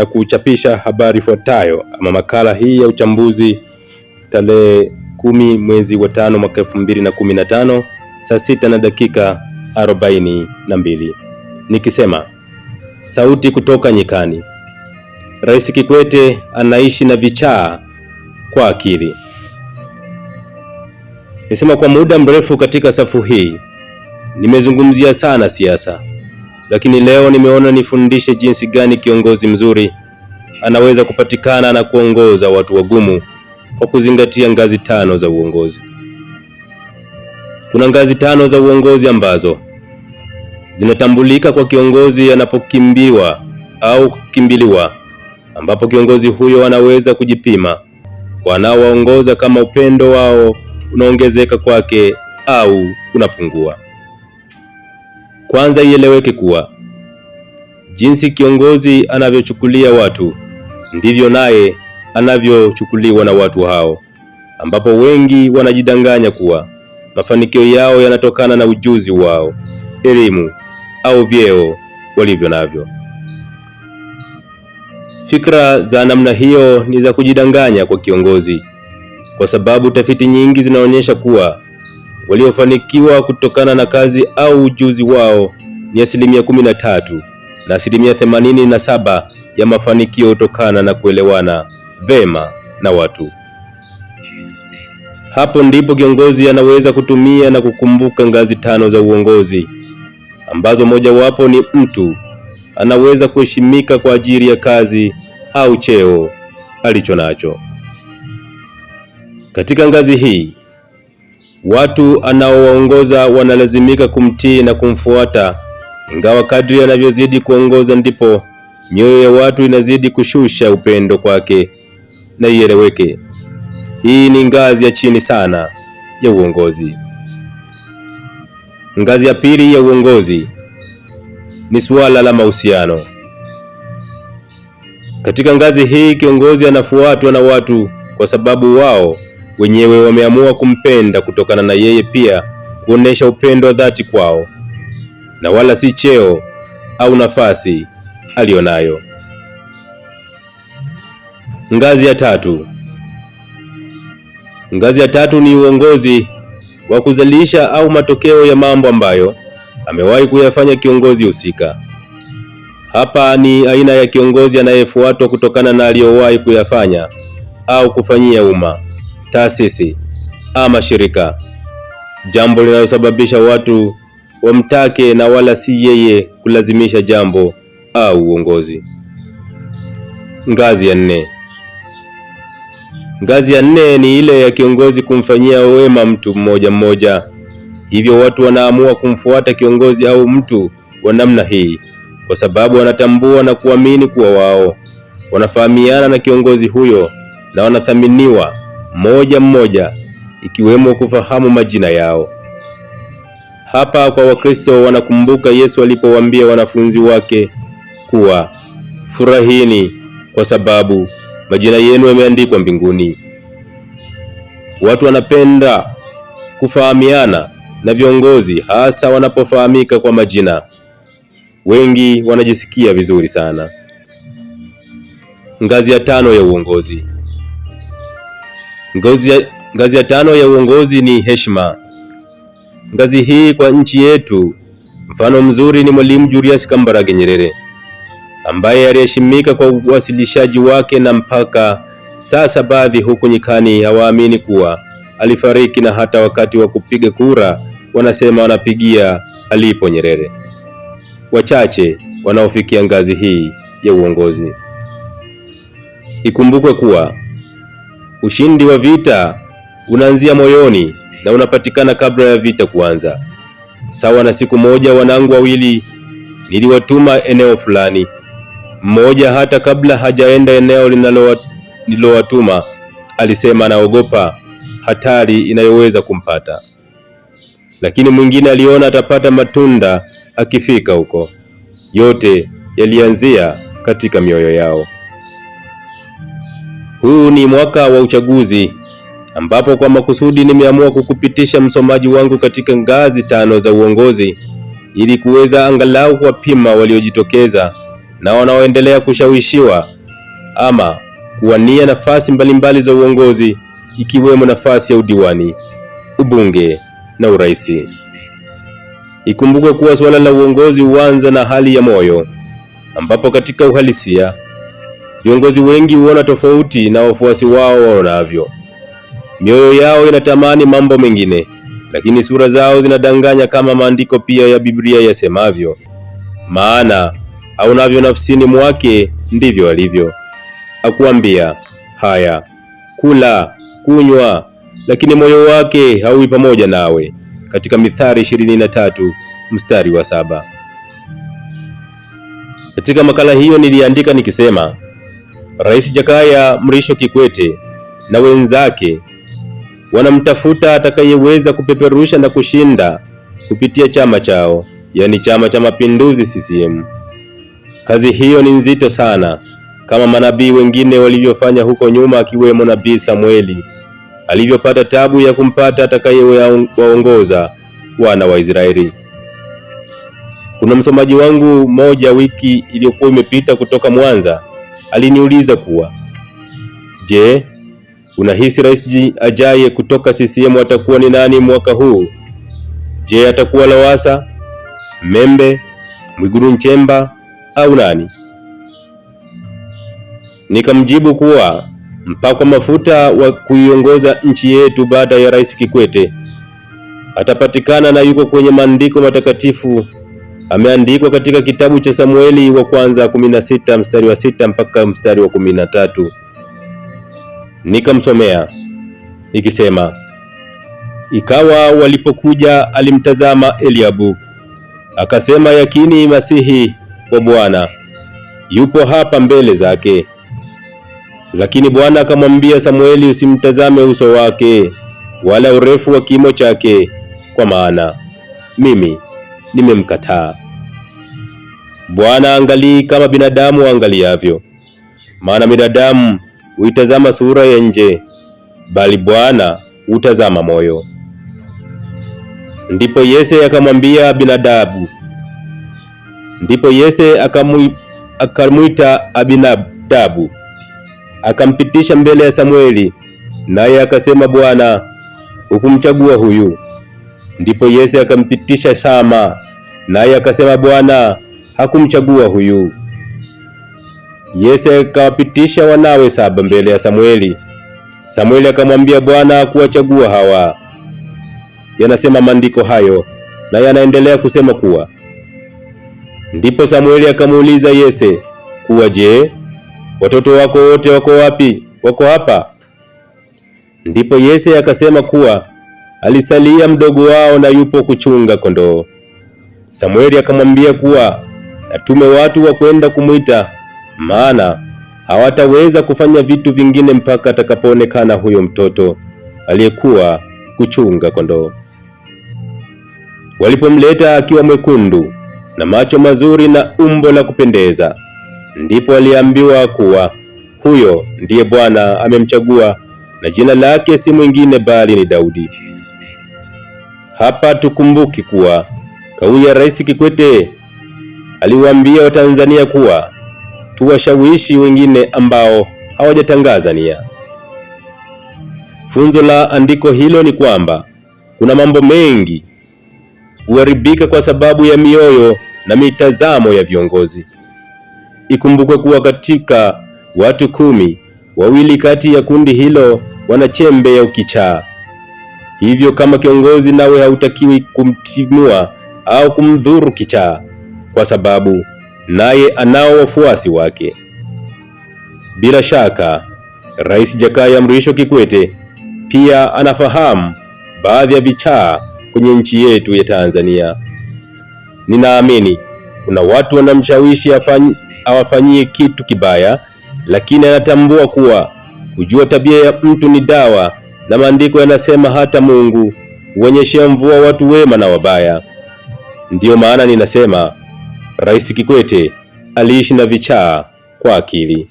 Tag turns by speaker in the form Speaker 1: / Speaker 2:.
Speaker 1: na kuchapisha habari ifuatayo ama makala hii ya uchambuzi tarehe kumi mwezi wa tano mwaka elfu mbili na kumi na tano saa sita na dakika arobaini na mbili nikisema sauti kutoka nyikani. Rais Kikwete anaishi na vichaa kwa akili. Nisema kwa muda mrefu katika safu hii nimezungumzia sana siasa lakini leo nimeona nifundishe jinsi gani kiongozi mzuri anaweza kupatikana na kuongoza watu wagumu kwa kuzingatia ngazi tano za uongozi. Kuna ngazi tano za uongozi ambazo zinatambulika kwa kiongozi anapokimbiwa au kukimbiliwa, ambapo kiongozi huyo anaweza kujipima wanaowaongoza kama upendo wao unaongezeka kwake au unapungua. Kwanza ieleweke kuwa jinsi kiongozi anavyochukulia watu ndivyo naye anavyochukuliwa na watu hao, ambapo wengi wanajidanganya kuwa mafanikio yao yanatokana na ujuzi wao, elimu au vyeo walivyo navyo. Fikra za namna hiyo ni za kujidanganya kwa kiongozi, kwa sababu tafiti nyingi zinaonyesha kuwa waliofanikiwa kutokana na kazi au ujuzi wao ni asilimia kumi na tatu na asilimia themanini na saba ya mafanikio hutokana na kuelewana vema na watu. Hapo ndipo kiongozi anaweza kutumia na kukumbuka ngazi tano za uongozi ambazo mojawapo ni mtu anaweza kuheshimika kwa ajili ya kazi au cheo alicho nacho. Katika ngazi hii Watu anaowaongoza wanalazimika kumtii na kumfuata, ingawa kadri anavyozidi kuongoza ndipo mioyo ya watu inazidi kushusha upendo kwake. Na ieleweke, hii ni ngazi ya chini sana ya uongozi. Ngazi ya pili ya uongozi ni suala la mahusiano. Katika ngazi hii, kiongozi anafuatwa na watu kwa sababu wao wenyewe wameamua kumpenda kutokana na yeye pia kuonesha upendo wa dhati kwao, na wala si cheo au nafasi aliyonayo. Ngazi ya tatu. Ngazi ya tatu ni uongozi wa kuzalisha au matokeo ya mambo ambayo amewahi kuyafanya kiongozi husika. Hapa ni aina ya kiongozi anayefuatwa kutokana na aliyowahi kuyafanya au kufanyia umma taasisi ama shirika, jambo linalosababisha watu wamtake na wala si yeye kulazimisha jambo au uongozi. Ngazi ya nne. Ngazi ya nne ni ile ya kiongozi kumfanyia wema mtu mmoja mmoja. Hivyo watu wanaamua kumfuata kiongozi au mtu wa namna hii kwa sababu wanatambua na kuamini kuwa wao wanafahamiana na kiongozi huyo na wanathaminiwa moja mmoja, ikiwemo kufahamu majina yao. Hapa kwa Wakristo wanakumbuka Yesu alipowaambia wanafunzi wake kuwa furahini, kwa sababu majina yenu yameandikwa mbinguni. Watu wanapenda kufahamiana na viongozi, hasa wanapofahamika kwa majina. Wengi wanajisikia vizuri sana. Ngazi ya tano ya uongozi. Ngazi ya, ngazi ya tano ya uongozi ni heshima. Ngazi hii kwa nchi yetu, mfano mzuri ni Mwalimu Julius Kambarage Nyerere ambaye aliheshimika kwa uwasilishaji wake na mpaka sasa baadhi huku nyikani hawaamini kuwa alifariki, na hata wakati wa kupiga kura wanasema wanapigia alipo Nyerere. Wachache wanaofikia ngazi hii ya uongozi. Ikumbukwe kuwa Ushindi wa vita unaanzia moyoni na unapatikana kabla ya vita kuanza. Sawa na siku moja, wanangu wawili niliwatuma eneo fulani, mmoja hata kabla hajaenda eneo nililowatuma alisema anaogopa hatari inayoweza kumpata, lakini mwingine aliona atapata matunda akifika huko. Yote yalianzia katika mioyo yao. Huu ni mwaka wa uchaguzi ambapo kwa makusudi nimeamua kukupitisha msomaji wangu katika ngazi tano za uongozi ili kuweza angalau kuwapima waliojitokeza na wanaoendelea kushawishiwa ama kuwania nafasi mbalimbali za uongozi ikiwemo nafasi ya udiwani, ubunge na urais. Ikumbuke kuwa suala la uongozi huanza na hali ya moyo ambapo katika uhalisia Viongozi wengi huona tofauti na wafuasi wao waonavyo. Mioyo yao inatamani mambo mengine, lakini sura zao zinadanganya, kama maandiko pia ya Biblia yasemavyo, maana aonavyo nafsini mwake ndivyo alivyo. Akuambia haya, kula, kunywa, lakini moyo wake haui pamoja nawe, katika Mithali 23 mstari wa saba. Katika makala hiyo niliandika nikisema Rais Jakaya Mrisho Kikwete na wenzake wanamtafuta atakayeweza kupeperusha na kushinda kupitia chama chao, yaani Chama cha Mapinduzi CCM. Kazi hiyo ni nzito sana, kama manabii wengine walivyofanya huko nyuma, akiwemo Nabii Samueli alivyopata tabu ya kumpata atakayewaongoza wana wa Israeli. Kuna msomaji wangu mmoja wiki iliyokuwa imepita kutoka Mwanza aliniuliza kuwa je, unahisi rais ajaye kutoka CCM atakuwa ni nani mwaka huu? Je, atakuwa Lowassa, Membe, Mwigulu Nchemba au nani? Nikamjibu kuwa mpakwa mafuta wa kuiongoza nchi yetu baada ya rais Kikwete atapatikana na yuko kwenye maandiko matakatifu ameandikwa katika kitabu cha Samueli wa kwanza 16 mstari wa sita mpaka mstari wa kumi na tatu. Nikamsomea ikisema, ikawa walipokuja alimtazama Eliabu akasema, yakini masihi wa Bwana yupo hapa mbele zake. Lakini Bwana akamwambia Samueli, usimtazame uso wake wala urefu wa kimo chake, kwa maana mimi nimemkataa. Bwana angalii kama binadamu angaliavyo, maana binadamu huitazama sura ya nje, bali Bwana hutazama moyo. Ndipo Yese akamwambia Abinadabu, ndipo Yese akamwita Abinadabu akampitisha mbele ya Samueli, naye akasema, Bwana hukumchagua huyu Ndipo Yese akampitisha Shama, naye akasema Bwana hakumchagua huyu. Yese akawapitisha wanawe saba mbele ya Samueli. Samueli akamwambia Bwana hakuwachagua hawa. Yanasema maandiko hayo na yanaendelea kusema kuwa ndipo Samueli akamuuliza Yese kuwa, je, watoto wako wote wako wapi? Wako hapa? Ndipo Yese akasema kuwa alisalia mdogo wao na yupo kuchunga kondoo. Samueli akamwambia kuwa atume watu wa kwenda kumwita, maana hawataweza kufanya vitu vingine mpaka atakapoonekana huyo mtoto aliyekuwa kuchunga kondoo. Walipomleta akiwa mwekundu na macho mazuri na umbo la kupendeza, ndipo aliambiwa kuwa huyo ndiye Bwana amemchagua na jina lake si mwingine bali ni Daudi. Hapa tukumbuki kuwa kauli ya Rais Kikwete aliwaambia Watanzania kuwa tuwashawishi wengine ambao hawajatangaza nia. Funzo la andiko hilo ni kwamba kuna mambo mengi huharibika kwa sababu ya mioyo na mitazamo ya viongozi. Ikumbukwe kuwa katika watu kumi, wawili kati ya kundi hilo wana chembe ya ukichaa. Hivyo kama kiongozi, nawe hautakiwi kumtimua au kumdhuru kichaa, kwa sababu naye anao wafuasi wake. Bila shaka Rais Jakaya Mrisho Kikwete pia anafahamu baadhi ya vichaa kwenye nchi yetu ya Tanzania. Ninaamini kuna watu wanamshawishi awafanyie kitu kibaya, lakini anatambua kuwa kujua tabia ya mtu ni dawa na maandiko yanasema hata Mungu huonyeshea mvua watu wema na wabaya. Ndiyo maana ninasema Rais Kikwete aliishi na vichaa kwa akili.